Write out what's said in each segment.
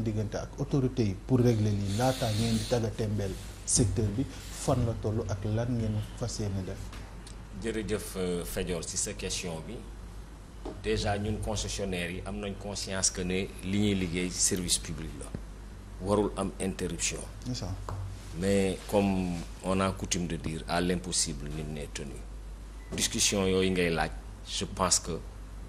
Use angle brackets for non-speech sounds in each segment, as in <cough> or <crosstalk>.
diggante ak autorité yi pour régler lii laataa ngeen di tagga tembeel secteur bi fan la toll ak lan ngeen fas yéene def jërëjëf euh, Fedior ci sa question bi déjà ñun concessionnaires yi am nañ conscience que ne li ñuy liggéey service public la warul am interruption mais comme on naa coutume de dire à l'impossible nul ne tenu discussion yooyu ngay laaj je pense que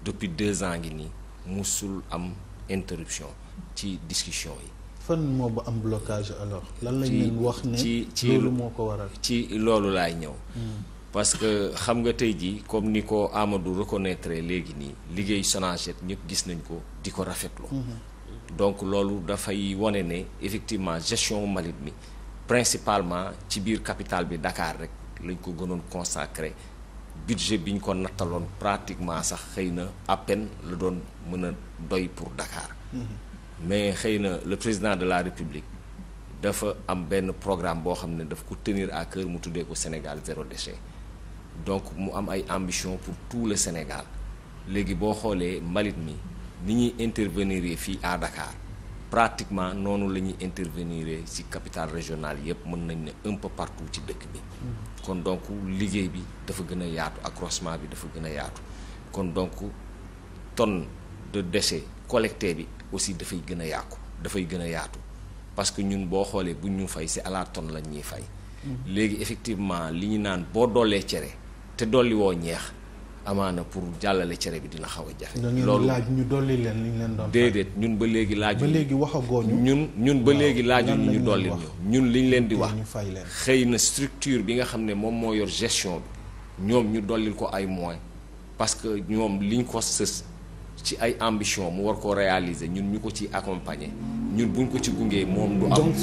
depuis deux ans ngi nii musul am interruption ci discussion yi. fan moo ba am blocage alors. lan lañ wax ne ci ci loolu moo ko waral. ci loolu laay ñëw. Hmm. parce que xam nga tey jii comme ni ko amadu reconnaître léegi nii liggéey Sonaged ñëpp gis nañ ko di ko rafetlu. Hmm. donc loolu dafay wane ne effectivement gestion malit mi principalement ci biir capital bi Dakar rek lañ ko gënoon consacré. budget bi ñu ko nattaloon pratiquement sax xëy na à peine la doon mën a doy pour Dakar mm-hmm. mais xëy na le président de la République dafa am benn programme boo xam ne daf ko tenir à cœur mu tuddee ko Sénégal zéro déchet donc mu am ay ambition pour tout le Sénégal léegi boo xoolee mbalit mi ni ñuy intervenir fii à Dakar pratiquement noonu la ñuy intervenir ci capitale régional yëpp mën nañu ne un peu partout ci dëkk bi. kon donc liggéey bi dafa gën a yaatu accroissement bi dafa gën a yaatu kon donc ton de déchets collectés bi aussi dafay gën a yàqu dafay gën a yaatu parce que ñun boo xoolee bu ñu fay si à la tonne lañ ñuy fay. Mm-hmm. léegi effectivement li ñu naan boo doolee cere te dolli woo ñeex. amaana pour jàllale cere bi dina xaw a jafe. loolu laaj ñu dolli leen li ñu leen doon déedéet ñun ba léegi laajuñu ba léegi waxagoo ñun ñun ba léegi laajuñu ñu dolli ñu ñun liñ leen di wax xëy na structure bi nga xam ne moom moo yor gestion bi ñoom ñu dollil ko ay moyens parce que ñoom liñ ko sës ci ay ambition mu war koo réaliser ñun ñu ko ci accompagner ñun buñ ko ci gungee moom du am. donc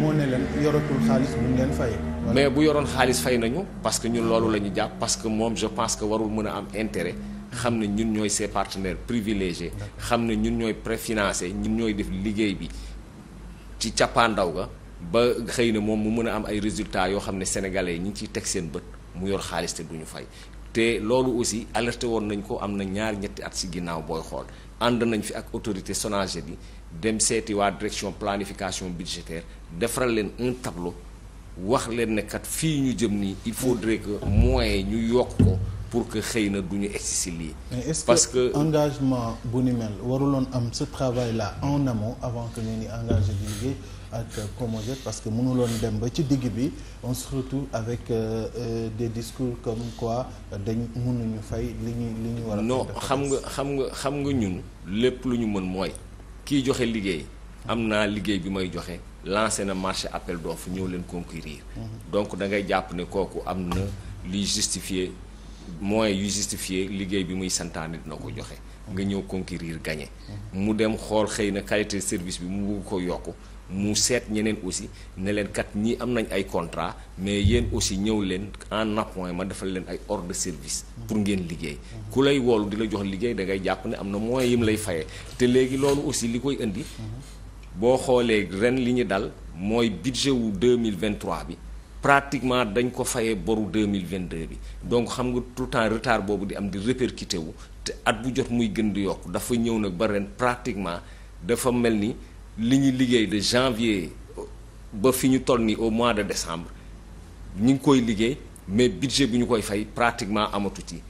moo ne leen yoratul xaalis buñ leen fay. mais bu yoroon xaalis fay nañu parce que ñun loolu la ñu jàpp parce que moom je pense que warul mën a am intérêt xam ne ñun ñooy ses partenaires privilégiés xam ne ñun ñooy préfinancé ñun ñooy def liggéey bi ci cappaandaw ga ba xëy na moom mu mën a am ay résultat yoo xam ne sénégalais yi ñu ngi ciy teg seen bët mu yor xaalis te duñu fay te loolu aussi alerté woon nañ ko am na ñaari ñetti at si ginnaaw booy xool ànd nañ fi ak autorité Sonaged yi dem seeti waa direction planification budgétaire defaral leen un tableau wax leen ne kat fii ñu jëm nii il faudrait que moyens ñu yokk ko pour que xëy na du ñu egsi si lii. parce que engagement bu ni mel waruloon am ce travail là en amont avant que ñu ni engagé di liggéey ak Promojet parce que mënuloon dem ba ci digg bi on se avec euh, euh, des comme quoi dañ mënuñu fay li ñuy li ñu war a. non xam nga xam nga xam nga ñun lépp lu ñu mën mooy. kiy joxe liggéey am naa liggéey bi may joxe lancé na marché appel fu ñëw leen concourir mhm. donc da ngay jàpp ne kooku am na liy justifier moyens yu justifier liggéey bi muy santaane dina ko joxe nga ñëw conquérir gagné. mu dem xool xëy na qualité service bi mu bugg ko yokk mu seet ñeneen aussi ne leen kat ñii am nañ ay contrat mais yéen aussi ñëw leen en appoint ma defal leen ay ordre service. pour ngeen liggéey. ku lay woolu di la jox liggéey da ngay jàpp ne am na moyens yi lay fayee te léegi loolu aussi li koy indi. boo xoolee ren li ñu dal mooy budget wu 2023 bi. pratiquement dañ ko fayee boru vingt 2022 bi donc xam nga tout temps retard boobu di am di répercuté wu te at bu jot muy gën di yokk dafa ñëw nag ba ren pratiquement dafa mel ni li ñu liggéey de janvier ba fi ñu toll ni au mois de décembre ñu ngi koy liggéey mais budget bu ñu koy fay pratiquement amatu ci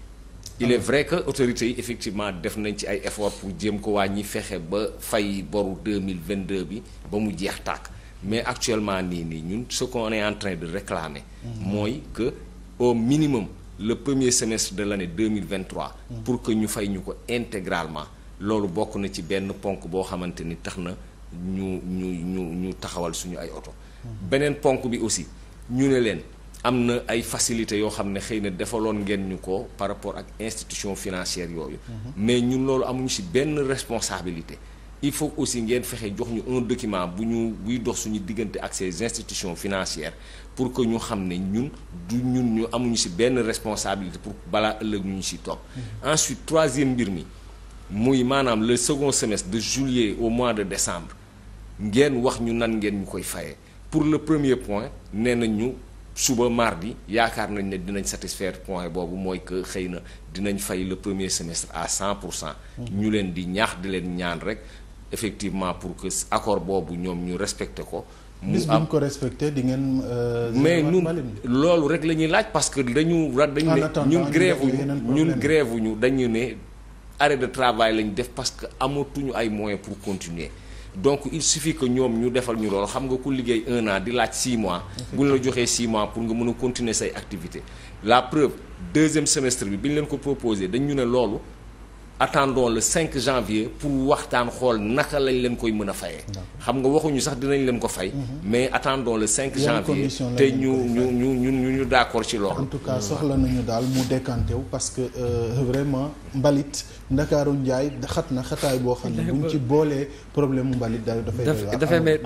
il est vrai que autorité yi effectivement def nañ ci ay effort pour jéem ko wàññi fexe ba fay boru mille vingt deux bi ba mu jeex tàkk mais actuellement nii nii ñun ce qu'on est en train de réclamer mooy que au minimum le premier semestre de l'année 2023 pour que ñu fay ñu ko intégralement loolu bokk na ci benn ponk boo xamante ni tax na ñu ñu ñu ñu taxawal suñu ay oto beneen ponk bi aussi ñu ne leen am na ay facilités yoo xam ne xëy na defaloon ngeen ñu ko par rapport ak institution financière yooyu mhm. mais ñun loolu amuñu si benn responsabilité il faut aussi ngeen fexe jox ñu un document bu ñu buy dox suñu diggante ak ces institutions financières pour que ñu xam ne ñun du ñun ñu amuñu si benn responsabilité pour balaa ëllëg ñu ci topp. Mhm. ensuite troisième mbir mi muy maanaam le second semestre de juillet au mois de décembre ngeen wax ñu nan ngeen ñu koy fayee pour le premier point nee nañ ñu suba mardi yaakaar nañ ne dinañ satisfaire point boobu mooy que xëy na dinañ fay le premier semestre à 100 pour cent. Mhm. ñu leen di ñaax di leen ñaan rek. effectivement pour que accord boobu ñoom ñu respecté ko. mu am ko respecté di ngeen. Euh, mais ñun loolu rek la ñuy laaj parce que dañu ra dañu ne ñun grève ñun grève ñu dañu ne arrêt de travail lañ def parce que amatuñu ay moyens pour continuer. donc il suffit que ñoom ñu defal ñu loolu xam nga ku liggéey un an di laaj six mois. bu ñu la joxee six mois pour nga mun a continuer say activité la preuve deuxième semestre bi bi ñu leen ko proposé dañ ñu ne loolu. attendons le 5 janvier pour waxtaan xool naka lañ leen koy mën a fayee xam nga waxuñu sax dinañ leen ko fay mhm. mais attendons le 5 janvier te ñu ñu ñu ñu ñu ñu d'accord ci loolu en tout cas soxla nañu daal mu décanté wu parce que euh, vraiment mbalit ndakaaru njaay xat na xataay boo xam ne <laughs> buñ ci boolee problème mu mbalit daal dafay